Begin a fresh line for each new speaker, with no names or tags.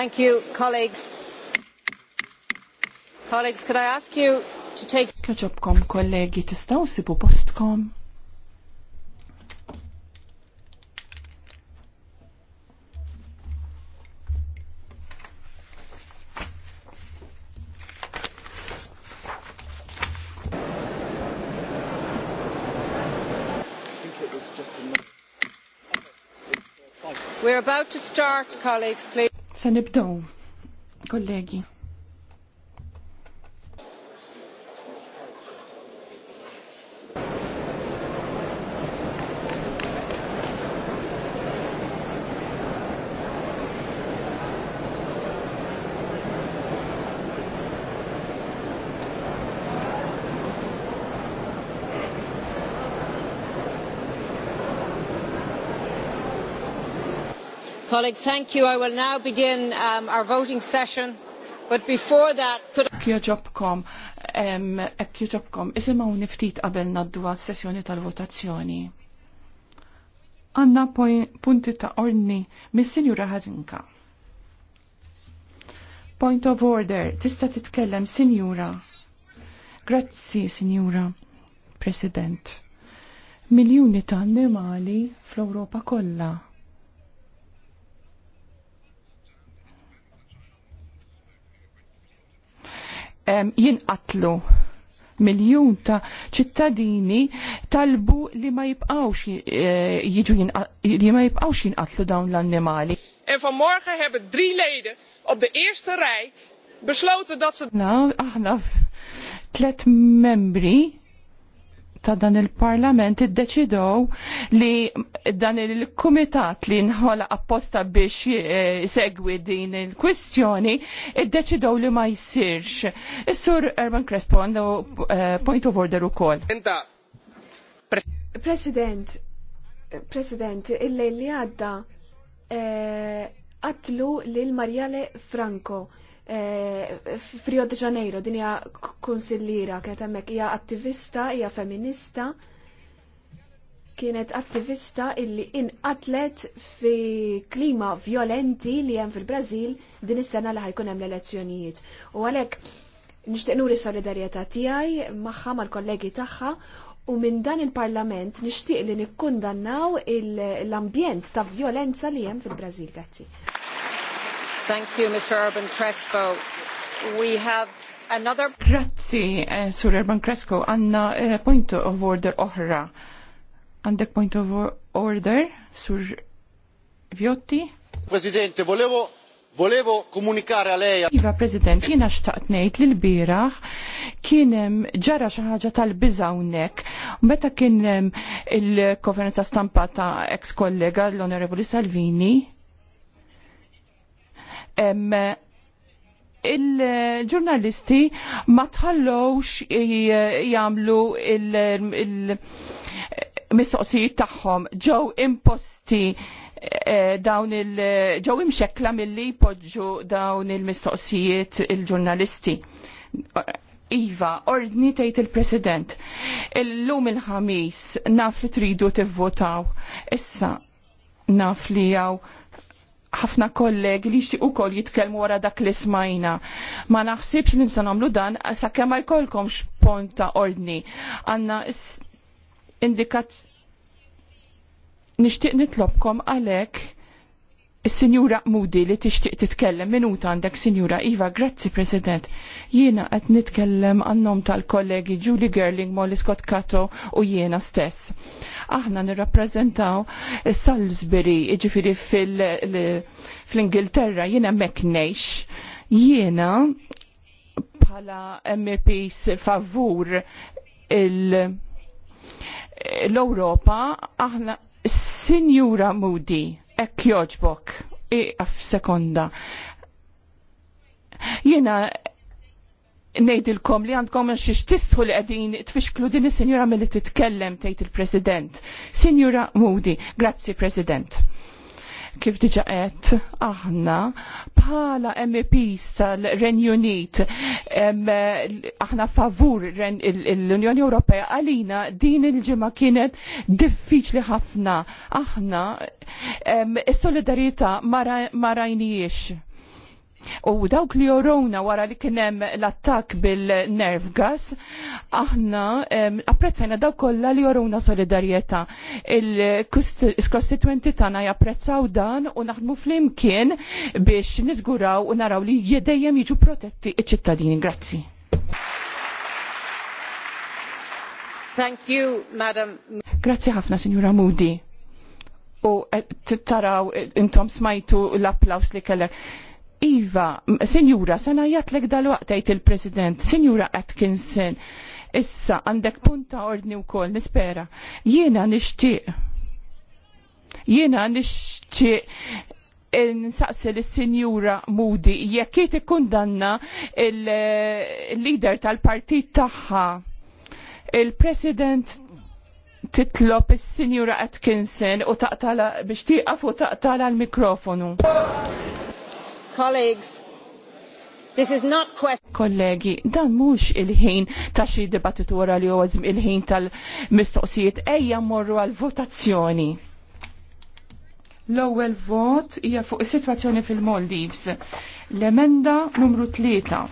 Thank you, colleagues. Colleagues, could I ask you to take... Kaċobkom, kollegi, tistaw sibu postkom? We're about to start, colleagues, please. Se nibdow, kollegi. Colleagues, thank you. I will now begin um, our voting session. But before that, could Kjoġobkom, kjoġobkom, isimaw niftit qabel naddu għal sessjoni tal-votazzjoni. Għanna punti ta' ordni mis-Sinjura Ħazinka. Point of order, tista titkellem, Sinjura. Grazzi, Sinjura, President. Miljuni ta' annimali fl-Europa kollha jinqatlu miljun ta' ċittadini talbu li ma jibqawx eh, jiġu li ma jibqawx jinqatlu dawn l-annimali. En vanmorgen hebben drie leden op de eerste rij besloten dat ze. Nou, aħna tlet membri ta' dan il-parlament iddeċidow li dan il-kumitat li nħola apposta biex eh, segwi din il-kwistjoni iddeċidow li ma jisirx. Is-sur Urban Crespo għandu eh, point of order ukoll. President, President, il-lejl li għadda eh, għatlu lil Marjale Franco Frio eh, de Janeiro, din hija kienet hemmhekk hija attivista, hija feminista, kienet attivista illi inqatlet fi klima violenti li hemm fil-Brażil din is-sena li ħajkun hemm l-elezzjonijiet. U għalhekk nixtieq nuri solidarjetà tiegħi magħha mal-kollegi tagħha u minn dan il-Parlament nixtieq li nikkundannaw l-ambjent ta' violenza li hemm fil-Brażil. Grazzi. Thank you, Mr. Urban Crespo. We have another... Grazzi, eh, Sur Urban Crespo. Anna, eh, point of order oħra. Għandek point of order, Sur Viotti? Presidente, volevo Volevo komunikare lei. Iva, President, jina xtaqt nejt li l-bira kienem ġara xaħġa tal-bizawnek. Meta kienem il-konferenza stampa ta' ex-kollega l-Onorevoli Salvini, il-ġurnalisti ma tħallowx jagħmlu il-mistoqsijiet tagħhom ġew imposti eh, dawn il ġew imxekla milli jpoġġu dawn il-mistoqsijiet il-ġurnalisti. Iva, ordni tgħid il-President, illum il-ħamis naf li tridu tivvotaw. Issa naf li jaw ħafna kollegi li xtiq ukoll jitkellmu wara dak li smajna. Ma naħsibx li nista' nagħmlu dan sakemm ma jkollkomx pont ta' ordni. Għanna indikat nixtieq nitlobkom għalhekk Is-Sinjura Moody li tixtieq titkellem minuta għandek Sinjura Iva, grazzi President. Jiena qed nitkellem għan-nom tal-kollegi Julie Gerling, Molly Scott Cato u jiena stess. Aħna nirrappreżentaw Salisbury, jiġifieri fl-Ingilterra, jiena meknejx. Jiena bħala MPs favur l ewropa aħna Sinjura Moody ek joġbok, iqaf sekonda. Jena nejdilkom li għandkom xiex tistħu li għedin tfixklu din il-senjura mill-li titkellem tejt il-President. Senjura Moody, grazzi President kif diġa qed aħna bħala MEPs tal-Renju Unit aħna favur l-Unjoni Ewropea għalina din il-ġimgħa kienet diffiċli ħafna aħna is-solidarjetà ma rajniex U dawk li jorowna wara li kienem l-attak bil-nerv gas, aħna apprezzajna dawk kollha li jorowna solidarjetà. Il-kostituenti tana japprezzaw dan u naħdmu flimkien biex niżguraw u naraw li jedejjem jiġu protetti iċ-ċittadini. Grazzi. Thank you, Madam. Grazzi ħafna, Signora Moody. U eh, taraw eh, intom smajtu l applaus li kellek. Iva, Sinjura, sanajatlek dal-waqtajt il-President, Sinjura Atkinson, issa għandek punta ordni u kol, nispera. Jiena nishtiq. Jiena nishtiq n-saqsil il sinjura Moody, jekk ikun ikkundanna il-leader tal-partit tagħha, il-President titlob is-Sinjura Atkinson u taqtala biex tieqaf u taqtala l-mikrofonu. Colleagues, this is not question. Kollegi, dan mhux il-ħin ta' xi dibattitu wara li huwa il-ħin tal-mistoqsijiet ejja mmorru għal votazzjoni. L-ewwel vot hija fuq is-sitwazzjoni fil-Maldives. L-emenda numru tlieta.